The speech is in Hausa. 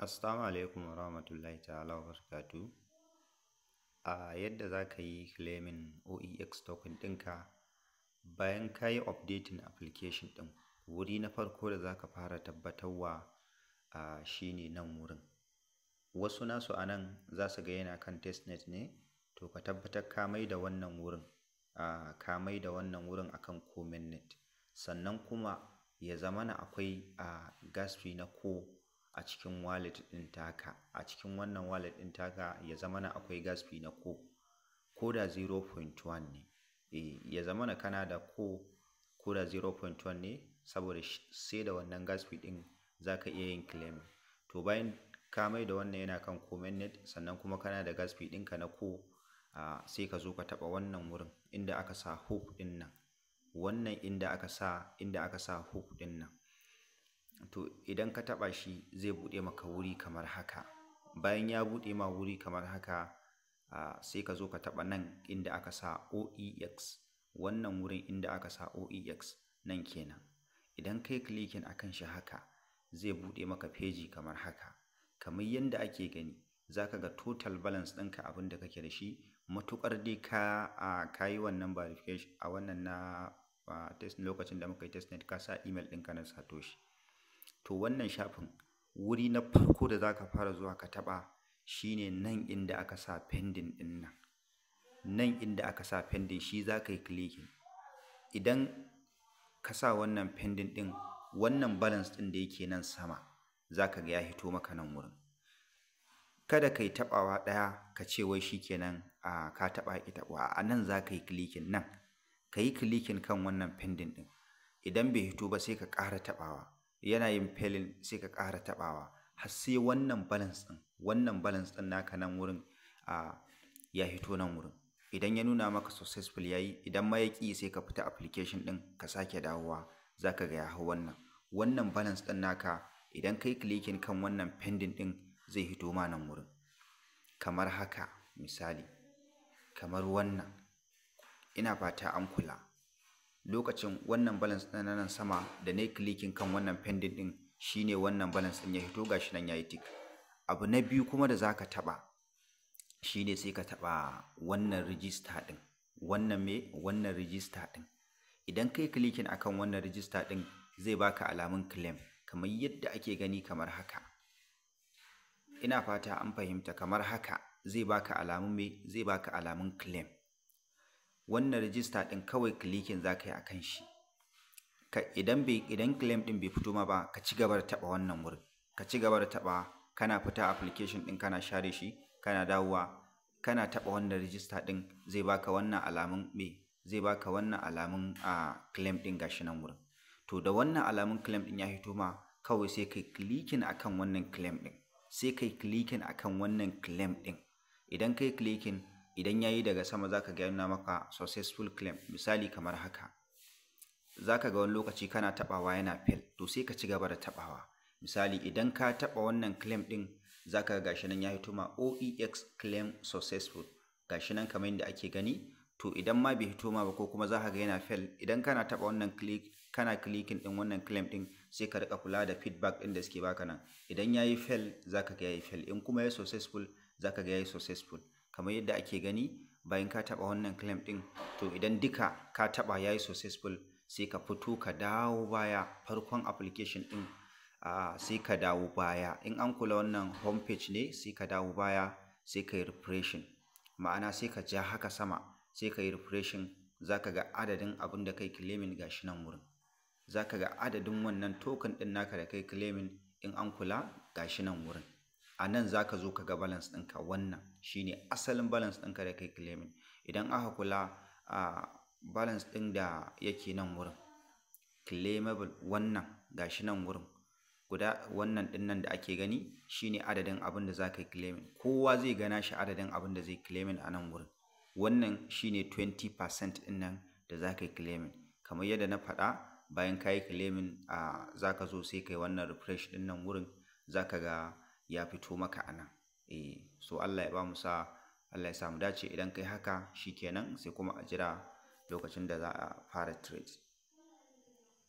Assalamu alaikum wa rahmatullahi ta'ala wa barakatu. A yadda za ka yi claimin OEX token ɗinka bayan ka yi updating application ɗin wuri na farko da za ka fara tabbatarwa a shi ne nan wurin. Wasu nasu a nan za su ga yana kan testnet ne, to ka tabbatar ka mai da wannan wurin, ka mai da wannan wurin akan common net. Sannan kuma ya zamana akwai a gas fee na ko a cikin wallet ɗin taka a cikin wannan wallet ɗin taka ya zama akwai gas fee na ko ko da 0.1 ne eh ya zamana kana da ko ko da 0.1 ne saboda sai da wannan gas fee ɗin za ka iya yin claim to bayan ka mai da wannan yana kan comment net sannan kuma kana da gas fee ɗinka na ko a sai ka zo ka taɓa wannan wurin inda aka sa hook ɗin nan wannan inda aka sa inda aka sa hook ɗin nan to idan ka taɓa shi zai buɗe maka wuri kamar haka bayan ya buɗe ma wuri kamar haka sai ka zo ka taɓa nan inda aka sa oex wannan wurin inda aka sa oex nan kenan idan kai klikin kan shi haka zai buɗe maka feji kamar haka kamar yadda ake gani za ka ga total balance ɗinka abin da kake da shi matuƙar dai ka a kayi wannan verification a wannan na lokacin da muka yi testnet ka sa email ɗinka na satoshi to wannan shafin wuri na farko da za ka fara zuwa ka taɓa ne nan inda aka sa pending ɗin nan nan inda aka sa pending shi za ka yi kilikin, idan ka sa wannan fendin ɗin wannan balans ɗin da yake nan sama za ka ga ya hito maka nan wurin kada ka yi taɓawa ɗaya ka ce wai shi kenan a ka taɓa ki taɓawa a nan za ka yi kilikin nan ka yi kilikin kan wannan fendin ɗin idan bai hito ba sai ka ƙara taɓawa yana yin felin sai ka ƙara taɓawa har sai wannan balance ɗin wannan balance ɗin naka nan wurin a ya hito nan wurin idan ya nuna maka successful yayi idan ma ya ƙi sai ka fita application ɗin ka sake dawowa za ka ga ya hau wannan wannan balance ɗin naka idan kai clicking kan wannan pending ɗin zai hito ma nan wurin kamar haka misali kamar wannan ina fata an kula lokacin wannan balance ɗin nan sama da na yi clicking kan wannan pending ɗin shine wannan balance ɗin ya hito gashi nan ya yi tick abu na biyu kuma da zaka taɓa shine sai ka taɓa wannan register ɗin wannan me wannan register ɗin idan kai clicking akan wannan register ɗin zai baka alamun claim kamar yadda ake gani kamar haka ina fata an fahimta kamar haka zai baka alamun me zai baka alamun claim wannan rijista ɗin kawai kilikin za ka yi a kan shi idan idan claim ɗin bai fito ma ba ka ci gaba da taɓa wannan wurin ka ci gaba da taɓa kana fita application ɗin kana share shi kana dawowa kana taɓa wannan rijista ɗin zai baka wannan alamun me zai baka wannan alamun a claim ɗin gashi nan wurin to da wannan alamun claim ɗin ya fito ma kawai sai kai clicking akan wannan claim ɗin sai kai kilikin akan wannan claim ɗin idan kai klikin. idan ya yi daga sama za ka nuna maka successful claim misali kamar haka za ka ga wani lokaci kana taɓawa yana fail to sai ka ci gaba da tabawa misali idan ka taɓa wannan claim din za ka ga gashi nan ya hito ma oex claim successful gashi nan kamar yadda ake gani to idan ma bai hito ma ba ko kuma za ka ga yana fail idan kana taba wannan click kana clickin ɗin wannan claim ɗin sai ka rika kula da feedback ɗin da suke baka nan idan ya yi fail za ka ga ya yi fail in kuma ya successful za ka ga ya yi successful kamar yadda ake gani bayan ka taɓa wannan claim ɗin to idan duka ka taɓa ya yi successful sai ka fito ka dawo baya farkon application ɗin sai ka dawo baya in an kula wannan home page ne sai ka dawo baya sai ka yi refreshing ma'ana sai ka ja haka sama sai ka yi refreshing za ka ga adadin abin da kai claiming ga nan wurin za ka ga adadin wannan token ɗin naka da kai claiming in an kula ga shi nan wurin a nan za ka zo ka ga balance ɗinka wannan shi ne asalin balans ɗinka da kai claiming idan aka kula a balance ɗin da yake nan wurin claimable wannan ga shi nan wurin guda wannan ɗin nan da ake gani shi ne adadin abin da za ka claiming kowa zai gana shi adadin abin da zai claiming a nan wurin wannan shi ne 20% ɗin nan da za ka claiming kamar yadda na faɗa bayan ka yi claiming a za ka zo sai ka yi wannan refresh ɗin nan wurin za ka ga ya fito maka a nan eh so Allah ya ba mu sa Allah ya samu dace idan kai haka shikenan sai kuma a jira lokacin da za a fara trade